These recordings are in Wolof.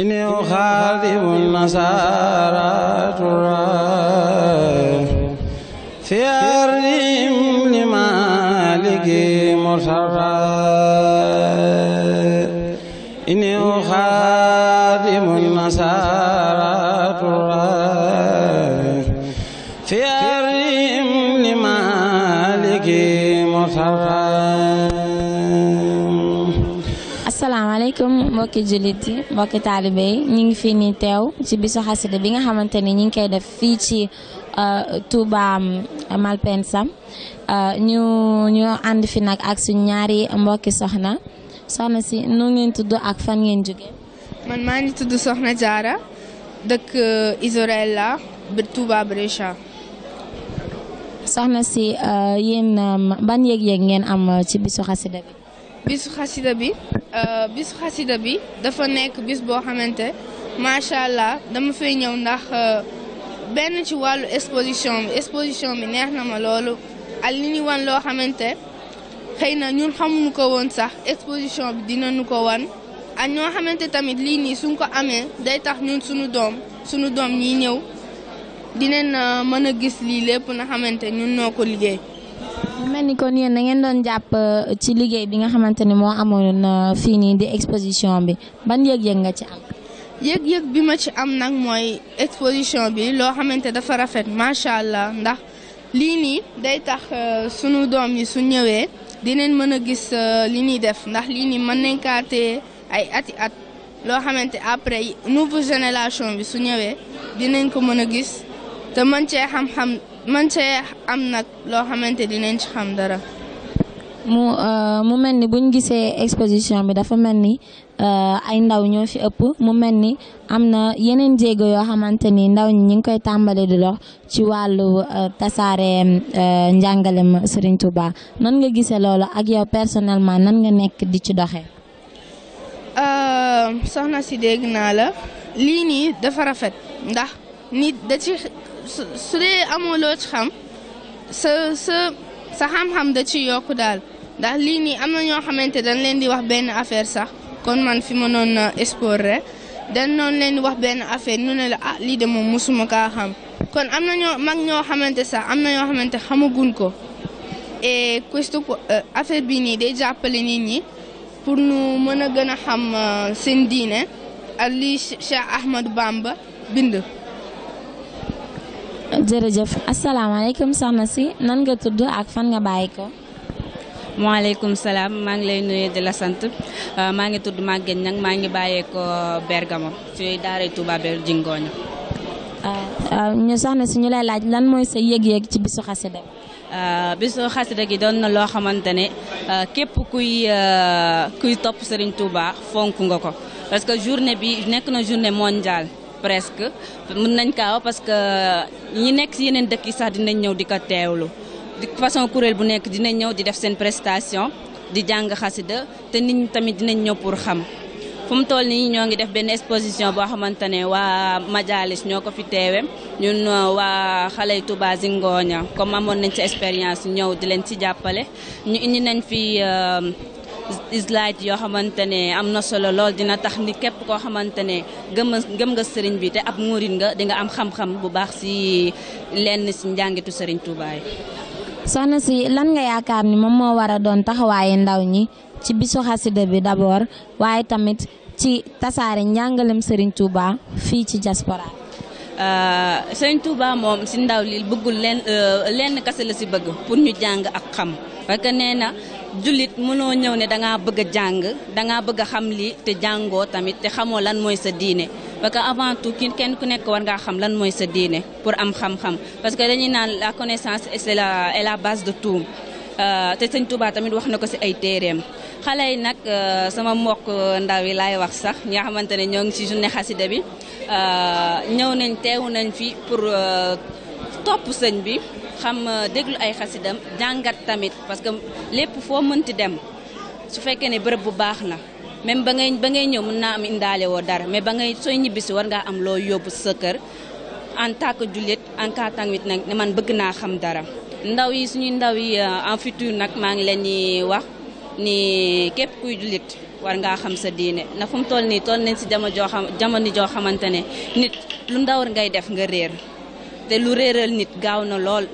إني أخاذب النصارى ترى في أرضهم لمالك مرسرى mbokki juliti yi mbokki taalibe yi fini ngi fii nii teew ci bisu xasida bi nga xamante ni ngi koy def fii ci euh, Touba euh, Malpensa euh, ñu ñu ànd fi ak ñaari si nu ngeen do ak fan ngeen jóge man maa ngi tudd soxna Jaara dëkk Isorella bi Touba Brescia soxna si yéen ban yeg yeg ngeen am ci bisu xasida bi bisu xasida bi euh, bisu xasida bi dafa nekk bis boo xamante macha allah dama fay ñëw ndax euh, benn ci wàllu exposition bi exposition bi neex na ma loolu ak li ñu wan loo xamante xëy na ñun xamuñu ko woon sax exposition bi dinañu ko wan ak ñoo xamante tamit lii nii suñ ko amee day tax ñun suñu doom suñu doom ñi ñëw dinañ euh, mën a gis lii lépp na xamante ñun noo ko liggéey mel ni kon yéen na ngeen doon jàpp euh, ci liggéey bi nga xamante ni moo amoon euh, fii nii di exposition bi ban yëg-yëg nga ci am. yëg-yëg bi ma ci am nag mooy exposition bi loo xamante dafa rafet macha allah ndax lii nii day tax euh, sunu doom yi su ñëwee dinañ mën a gis li ñuy def ndax lii nii mën nañ kaate ay ati at loo xamante après nouvelle génération bi su ñëwee dinañ ko mën a gis te mën cee xam-xam. man cee am nag loo xamante dinañ ci xam dara. mu euh, mu mel ni buñ gisee exposition bi dafa mel ni euh, ay ndaw ñoo fi ëpp mu mel ni am na yeneen jéego yoo xamante ni ndaw ñi ñu ngi koy tàmbale di dox ci wàllu euh, tasaare njàngalem Serigne Touba nan nga gisee loolu ak yow personnellement nan nga nekk di ci doxee. soxna si dégg naa la lii nii dafa rafet ndax nit da su su dee amoo loo xam sa xamxam sa da ci yokku daal ndax lii nii am na ñoo xamante dañ leen di wax benn affaire sax kon man fi ma noon exploré dañ noonu leen di wax benn affaire ñu ne la ah lii de moom mosuma kaa xam kon am na ñoo ñoo xamante sax am na ñoo xamante xamaguñ ko et questo affaire bi nii day jàppale nit ñi pour ñu mën a gën a xam seen diine ak lii Cheikh Ahmadou Bamba bind jërëjëf asalaamaaleykum soxna si nan nga tudd ak fan nga bàyyi ko. maaleykum salaam maa ngi lay nuyu di la sant euh, maa ngi tudd Maguette Niang maa ngi bàyyeekoo Bergamo ci daaray Touba Bel Jingooño. Euh, euh, ñu soxna si ñu lay laaj lan mooy sa yëg-yëg ci bisu xasida bisu xasida gi doon na loo xamante ne képp kuy kuy topp Serigne Touba fonk nga ko parce que journée bi nekk na journée mondiale. presque mën nañ kaaw parce que ñi nekk si yeneen dëkk yi sax dinañ ñëw di ko teewlu di façon kuréel bu nekk dinañ ñëw di def seen prestation di jàng xasida te nit ñi tamit dinañ ñëw pour xam fu mu toll nii ñoo ngi def benn exposition boo xamante ne waa majalis ñoo ko fi teewe ñun euh, waa xaley Touba Zingoña comme amoon nañ ci expérience ñëw di leen ci jàppale ñu indi nañ fi euh, slide yoo xamante ne am na solo lool dina tax ni képp koo xamante ne gëm gëm nga sëriñ bi te ab murit nga di am xam-xam bu baax si lenn si njàngitu sëriñ Touba yi. soxna si lan nga yaakaar ni moom moo war a doon taxawaayu ndaw ñi ci bisu xasida bi d'abord waaye tamit ci tasaare njàngalem sëriñ Touba fii ci diaspora. Euh, sëriñ Touba moom si ndaw li bëggul lenn euh, lenn kese la si bëgg pour ñu jàng ak xam parce que jullit mënoo ñëw ne dangaa bëgg a jàng dangaa bëgg a xam li te jàngoo tamit te xamoo lan mooy sa diine parce que avant tout kenn ku nekk war ngaa xam lan mooy sa diine pour am xam-xam parce que dañuy naan la connaissance est la est la base de tout euh, te sëñ Touba tamit wax na ko si ay téereem xale yi nag euh, sama mbokk ndaw yi laay wax sax ñi nga xamante ne ñoo ngi si journée xasida bi euh, ñëw nañ teewu nañ fii pour topp sëñ bi xam euh, déglu ay xassidam jangat tamit parce que lépp foo mënti dem su fekke ne beurep bu bax na même ba ngay ba ngay ñew mën na am indalé wo dar mais ba ngay soy ñibisi war nga am lo sa kër en tant que en tant tamit ne man bëgg na xam dara ndaw yi suñu ndaw yi euh, en futur nak ma ngi leen ni wax ni kep kuy julit war nga xam sa diine na fu mu toll ni toll nañ ci jamo jo xam jamono joo xamante ne nit lu ndaw ngay def nga réer te lu nit gaaw na lool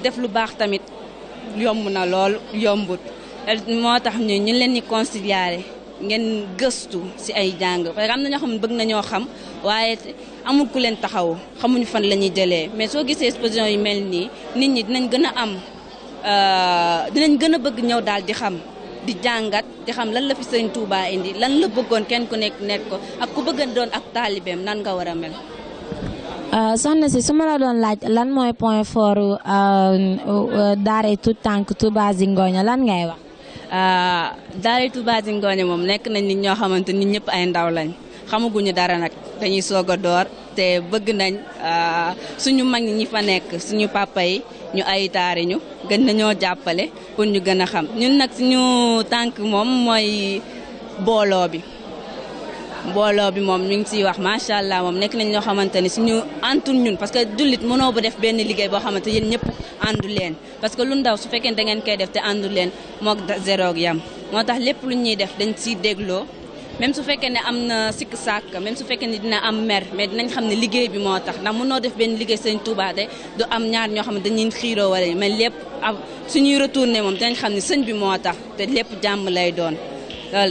def lu baax tamit yomb na lool yombut moo tax ñu ñu leen di concilier ngeen gëstu si ay jàng parce que am na ñoo xam ne bëgg nañoo xam waaye amul ku leen taxaw xamuñu fan la ñuy jëlee mais soo gisee exposition yi mel nii nit ñi dinañ gën a am euh, dinañ gën a bëgg ñëw daal di xam di jàngat di xam lan la fi sëñ Touba indi lan la bëggoon kenn ku nekk nekk ko ak ku bëgg doon ak taalibeem nan nga war a mel. Euh, soxna si su ma la doon laaj lan mooy point fort euh, euh, daaray tu tànk Touba Zingoña lan ngay wax. daaray Touba Zingoña moom nekk nañ nit ñoo xamante ni ñëpp ay ndaw lañ xamaguñu dara nag dañuy soog a door te bëgg nañ suñu mag ñi fa nekk suñu papa yi ñu ay taari ñu gën nañoo jàppale pour ñu gën a xam ñun nag suñu tànk moom mooy booloo bi. mbooloo bi moom ñu ngi ciy wax macha allah moom nekk nañ ñoo xamante ne suñu antul ñun parce que jullit mënoo ba def benn liggéey boo xamante yéen ñëpp àndu leen parce que lu ndaw su fekkee da ngeen koy def te àndu leen moog zéro yam moo tax lépp lu ñuy def dañ ciy dégloo même su fekkee ne am na sikk sàkk même su fekkee ne dina am mer mais dinañ xam ne liggéey bi moo tax ndax munoo def benn liggéey sëñ Touba de du am ñaar ñoo xam ne dañuy xiiroo wala mais lépp am suñuy retourné moom dinañ xam ne sëñ bi moo tax te lépp jàmm lay doon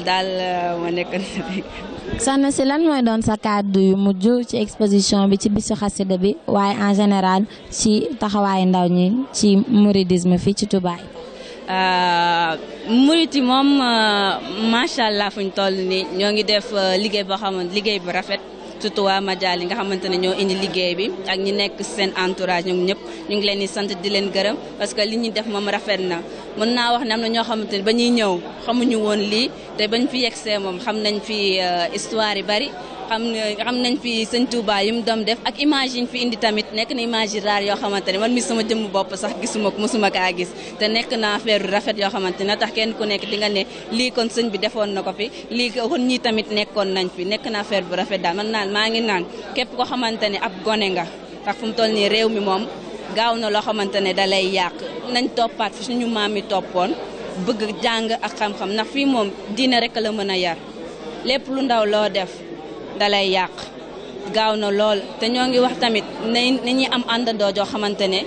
daal euh, moo nekk soxna si lan mooy doon sa kàddu yu mujj ci exposition bi ci bisu xasida bi waaye en général ci taxawaayu ndaw ñi ci mouridisme fii ci Touba. Euh, murit yi moom euh, macha allah fu ñu toll ni ñoo ngi def euh, liggéey boo xamante liggéey bu rafet. surtout waa li nga xamante ne ñoo indi liggéey bi ak ñi nekk seen entourage ñoom ñëpp ñu ngi leen di sant di leen gërëm parce que li ñuy def moom rafet na mën naa wax ne am na ñoo xamante ne ba ñuy ñëw xamuñu woon lii te bañ fi yegsee moom xam nañ fi euh, histoire yi bari xam xam nañ fi sëñ Touba yi mu doon def ak image yi ñu indi tamit nekk na image yi raar yoo xamante ne man mi sama jëmm bopp sax gisuma ko mosuma kaa gis te nekk na affaire rafet yoo xamante ne tax kenn ku nekk di nga lii kon sëñ bi defoon na ko fi lii kon ñii tamit nekkoon nañ fi nekk na affaire bu rafet daal man naan maa ngi naan képp koo xamante ne ab gone nga tax fu mu toll nii réew mi moom gaaw na loo xamante ne da lay yàq nañ toppaat fi suñu maam yi toppoon bëgg jàng ak xam-xam ndax fii moom diine rek la mën a yar lépp lu ndaw loo def dalay yàq gaaw na lool te ñoo ngi wax tamit na ñuy am àndandoo joo xamante ne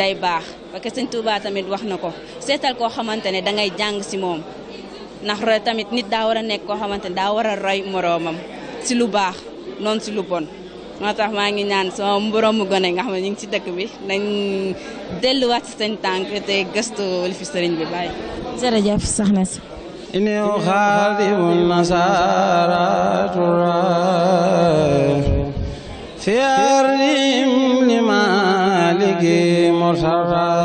day baax parce que sëñ Touba tamit wax na ko seetal koo xamante ne dangay jàng si moom ndax roy tamit nit daa war a nekk koo xamante ne daa war a roy moroomam si lu baax noonu si lu bon moo tax maa ngi ñaan sama mboroomu gone yi nga xam ne ñu ngi ci dëkk bi nañ delluwaat si seen tànk te gëstu li fi sëriñ bi bàyyi. jërëjëf soxna si. إني أخاذب النصارى ترى في أرضهم لمالك مصرى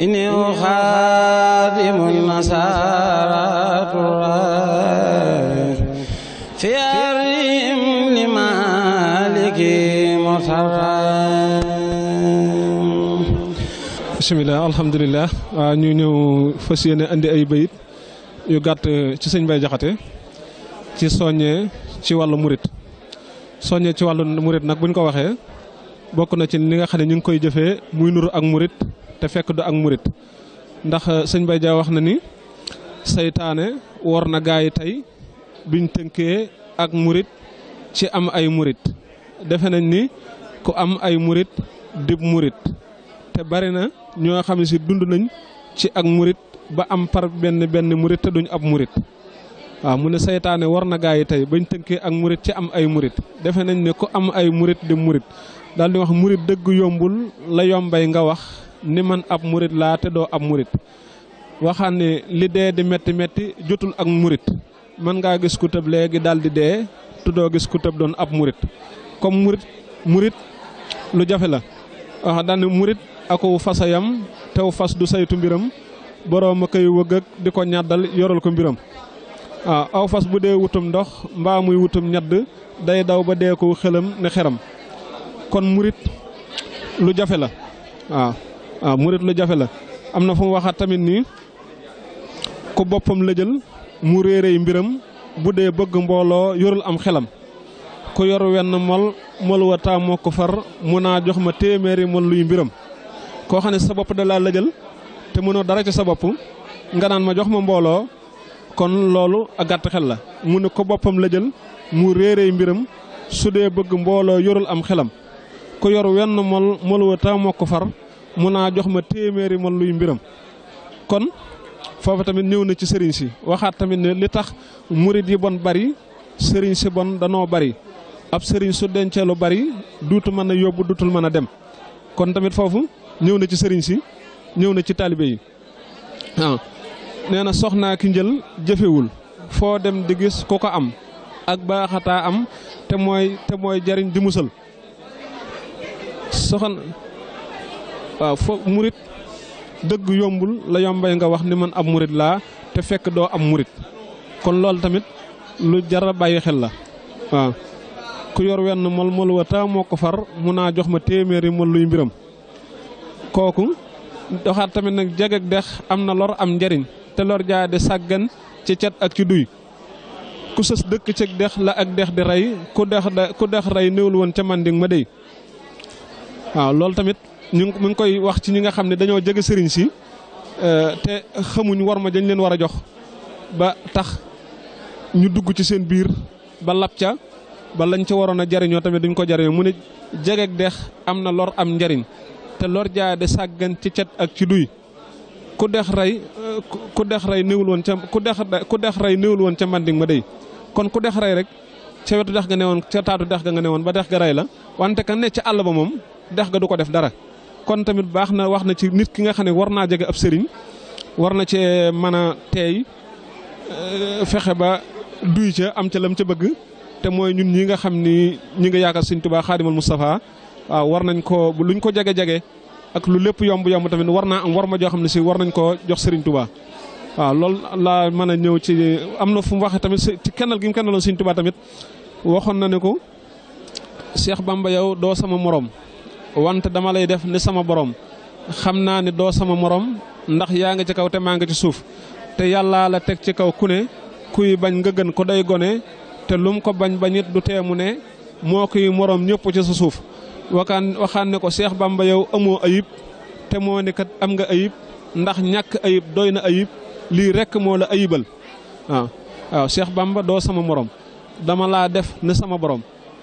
إني أخاذب النصارى ترى في أرضهم لمالك مصرى bisimilah alhamdulilah ñu ñëw fas yéene andi ay bayit yu gàtt ci sëñ Mbaye Jaxate ci soññee ci wàllu murit soññee ci wàllu murit nag buñ ko waxee bokk na ci li nga xam ne ñu ngi koy jëfee muy nuru ak murit te fekk du ak murit ndax euh, sëñ Mbaye Jaxate wax na ni saytaane wor na gaa yi tey biñ tënkee ak murit ci am ay murit defe nañ ni ku am ay murit dib murit te bari na ñoo xam ne si dund nañ ci ak murit ba am par benn benn murit te duñ ab murit waaw mu ne seytaane war na gaa yi tey bañ tënkee ak murit ci am ay murit defe nañ ne ku am ay murit di murit daal di wax murit dëgg yombul la yombay nga wax ni man ab murit laa te doo ab murit waxaan ne li dee di métti métti jotul ak murit mën ngaa gis ku tëb léegi daal di dee tu doo gis ku doon ab murit comme murit murit lu jafe la wax daal murit aku fasayam taw fas du saytu mbiram borom kay wëg ak diko ñaddal yoral ko mbiram ah aw fas bu wutum ndox mba muy wutum ñadd day daw ba dee ko xelam ne xeram kon murid lu jafé la ah ah murit lu jafé la amna fu waxat tamit ni ku bopam la jël mu réerey mbiram bu bëgg mbolo yorul am xelam ku yor wenn mol mol wa ta moko far mu jox ma téméré mol luy mbiram koo xam ne sa bopp da laa lëjal te mënoo dara ci sa bopp nga naan ma jox ma mbooloo kon loolu a gàtt xel la mu ne ko boppam lëjal mu réeréy mbiram su dee bëgg mbooloo yorul am xelam ku yor wenn mol mol wa ta moo ko far mun naa jox ma téeméeri mol mbiram kon foofu tamit ñëw na ci sëriñ si waxaat tamit ne li tax murit yi bon bari sëriñ si bon danoo bari ab sëriñ su dencee lu bari duutu mën na yóbbu duutul mën a dem kon tamit foofu ñëw na ci sëriñ si ñëw na ci taalibe yi nee na soxnaa ki njël jëfewul foo dem di gis ku ko am ak baaxataa am te mooy te mooy jariñ di musal soxna waaw fo murit dëgg yombul la yombay nga wax ni man ab murit laa te fekk doo am murit kon loolu tamit lu jara bàyyi xel la waaw ku yor wenn mol mol wa moo ko far mun naa jox ma téeméeri mol mbiram koku doxat tamit nak jeg ak dex amna lor am njariñ te lor ja de saggan ci ciat ak ci duy ku sës dekk ci dex la ak dex di ray ku dex da ku dex rey néewul woon ca manding ma dey waaw lol tamit ñu ngi koy wax ci ñinga xamne dañoo jeg ci euh te xamuñ war ma dañ leen wara jox ba tax ñu dugg ci seen biir ba lab ca ba lañ ci warona a tamit duñ ko jariñoo mu ne jegeeg dex lor am njariñ te lor jaa de saggan ci cet ak ci duy ku dex ray ku dex ray neewul won ci ku dex ku dex ray neewul won ci manding ma day kon ku dex ray rek ci wetu dex ga neewon ci taatu dex ga nga neewon ba dex ga ray la wante kan ne ci àll ba mom dex ga du ko def dara kon tamit baxna waxna ci nit ki nga xane warna jega ab serigne warna ci mana tey a euh, ba duy ci am ci lam ci bëgg te moy ñun ñi nga xamni ñi nga yaaka serigne touba khadimul mustafa waaw war nañ ko luñ ko jage-jage ak lu lépp yomb-yomb tamit war naa am war ma joo xam ne si war nañ koo jox Serigne Touba waaw loolu laa mën a ñëw ci am na fu mu waxee tamit ci kennal gi mu kennaloon Serigne Touba tamit waxoon na ne ko Cheikh Bamba yow doo sama moroom wante dama lay def ni sama borom xam naa ni doo sama moroom ndax yaa nga ci kaw te maa ngi ci suuf te yàllaa la teg ci kaw ku ne kuy bañ nga gën ko day gone te lum ko bañ bañit du teemu ne moo koy morom ñëpp sa suuf wakaan waxaan ne ko Seex Bamba yow amoo ayib te moo ne kat am nga ayib ndax ñàkk ayib doy na ayib lii rekk moo la ayibal waaw Seex Bamba doo sama morom dama laa def ne sama borom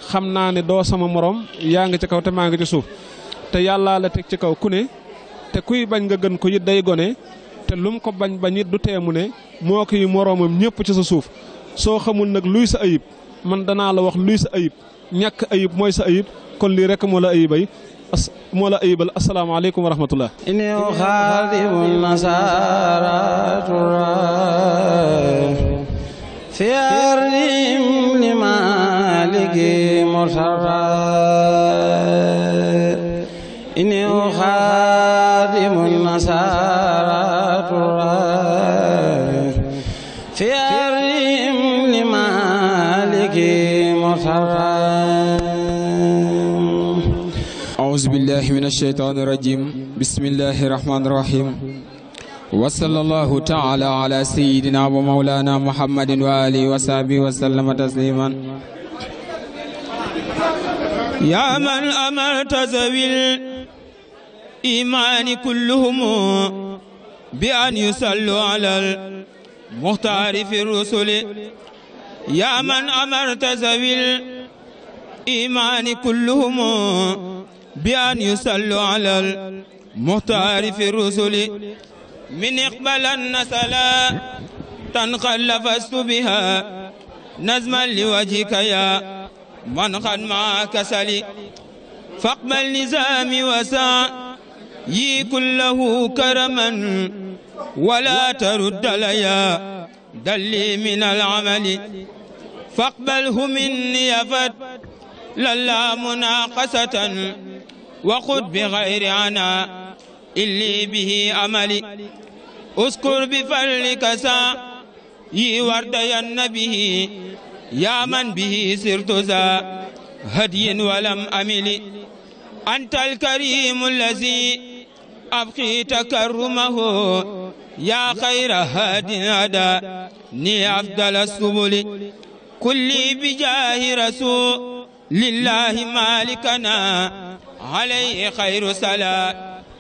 xam naa ni doo sama morom yaa ngi ci kaw te maa ngi ci suuf te yàllaa la teg ci kaw ku te kuy bañ nga gën ko it day gone te lum ko bañ bañ it du teemu ne moo koy moroomam ñëpp ci sa suuf soo xamul nag luy sa ayib man danaa la wax luy sa ayib ñàkk ayib mooy sa ayib كل رك مولا أيبي مولا أيبل السلام عليكم ورحمة الله إني أخاذب النصارى في أرجم لمالك مصرى إني أخاذب النصارى أعوذ بالله من الشيطان الرجيم بسم الله الرحمن الرحيم وصلى الله تعالى على سيدنا ومولانا محمد وآله وصحبه وسلم تسليما يا من أمرت ذوي الإيمان كلهم بأن يصلوا على المختار في الرسل يا من أمرت ذوي الإيمان كلهم بأن يصلوا على المختار في الرسل من إقبال النسلا تنقل بها نزما لوجهك يا من قد معك سلي فاقبل نزامي وسع يي كله كرما ولا ترد ليا دلي من العمل فاقبله مني فت للا مناقصة وخذ بغير أنا اللي به أملي أذكر بفلك سا يوردين به يا من به سرت ذا هدي ولم أمل أنت الكريم الذي أبقي تكرمه يا خير هاد هدى ني أفضل السبل كلي بجاه رسول لله مالكنا عليه خير صلاة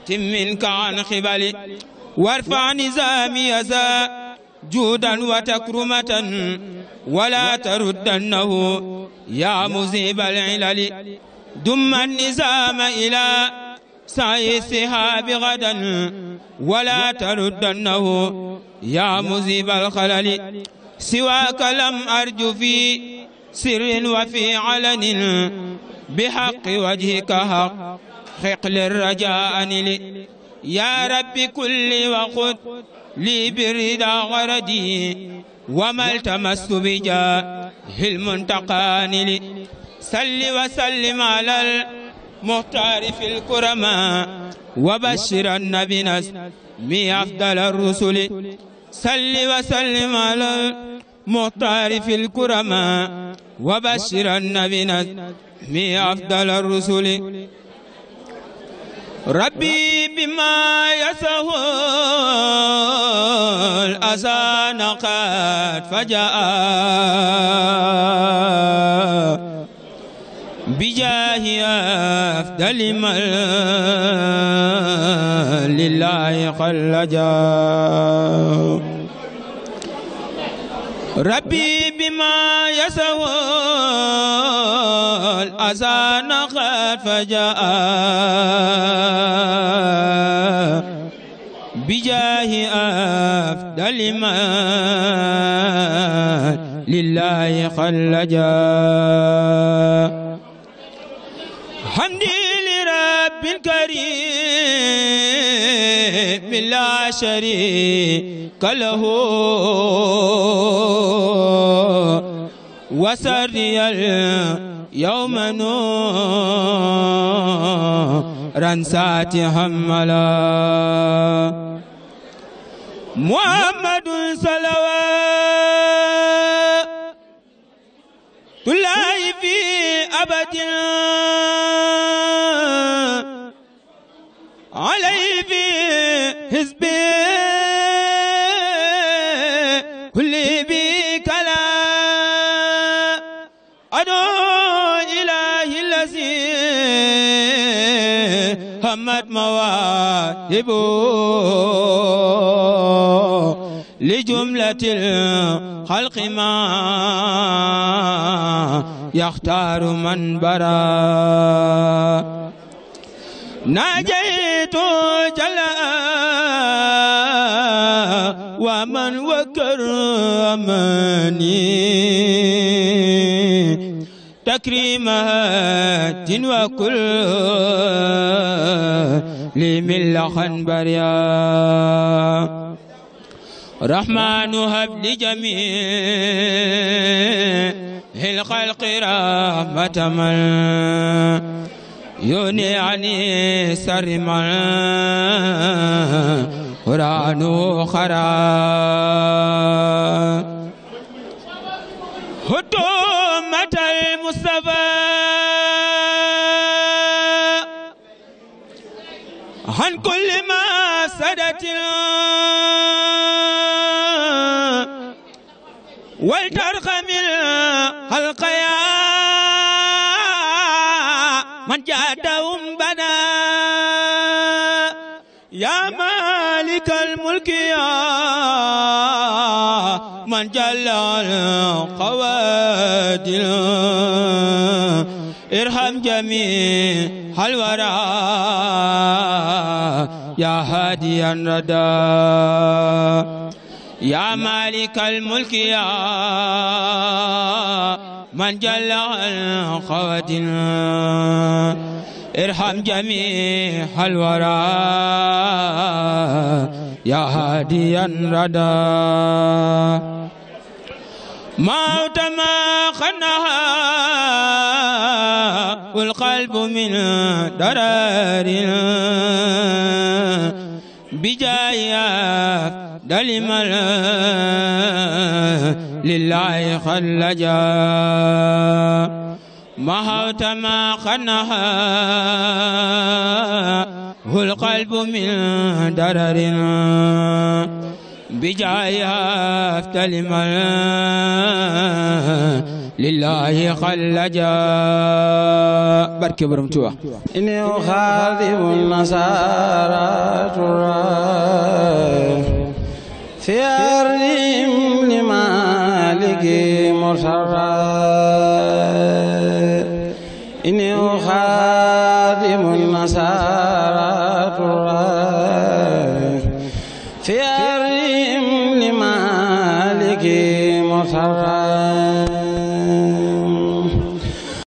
منك عن قبلي وارفع نزامي يزا جودا وتكرمة ولا تردنه يا مذيب العلل دم النزام إلى سعي السهاب غدا ولا تردنه يا مذيب الخلل سواك لم أرج في سر وفي علن بحق وجهك حق حق الرجاء لي يا رب كل وقت لي برضا غردي وما التمست بجاه المنتقان لي سل وسلم على المختار في الكرماء وبشر النبي مي أفضل الرسل سل وسلم على المختار في الكرماء وبشر النبي مي أفضل الرسل ربي بما يسه الأزان قد فجاء بجاه أفضل من لله قل جاء ربي بما يسوى عسى نخات فجاء بجاه أفضل ما لله خلجا حمدي لرب الكريم لا شريك له وسري يوم نور ساتهم محمد صلوات الله في أبد عليه في حزبه تمت مواهبه لجملة الخلق ما يختار من برا ناجيت جلا ومن وكرمني تكريمات وكل لمن لخن بريا رحمن هب لجميع الخلق رحمة من يوني عني سر من قرآن خراب مفسدة ولترقى من القيا من جاءتهم بنا يا مالك الملك يا من جل القوادر ارحم جميع الورى يا هادي الردى يا مالك الملك يا من جل عن خواتنا ارحم جميع الورى يا هادي الردى موت ما خنها والقلب من درارنا بجايا دلملا لله خلجا هو ما خنها هو القلب من درر بجايا افتلملا لله خلجا بركي برمتوا إني أخاذب النصارى ترى في أرضهم لمالك مصرى إني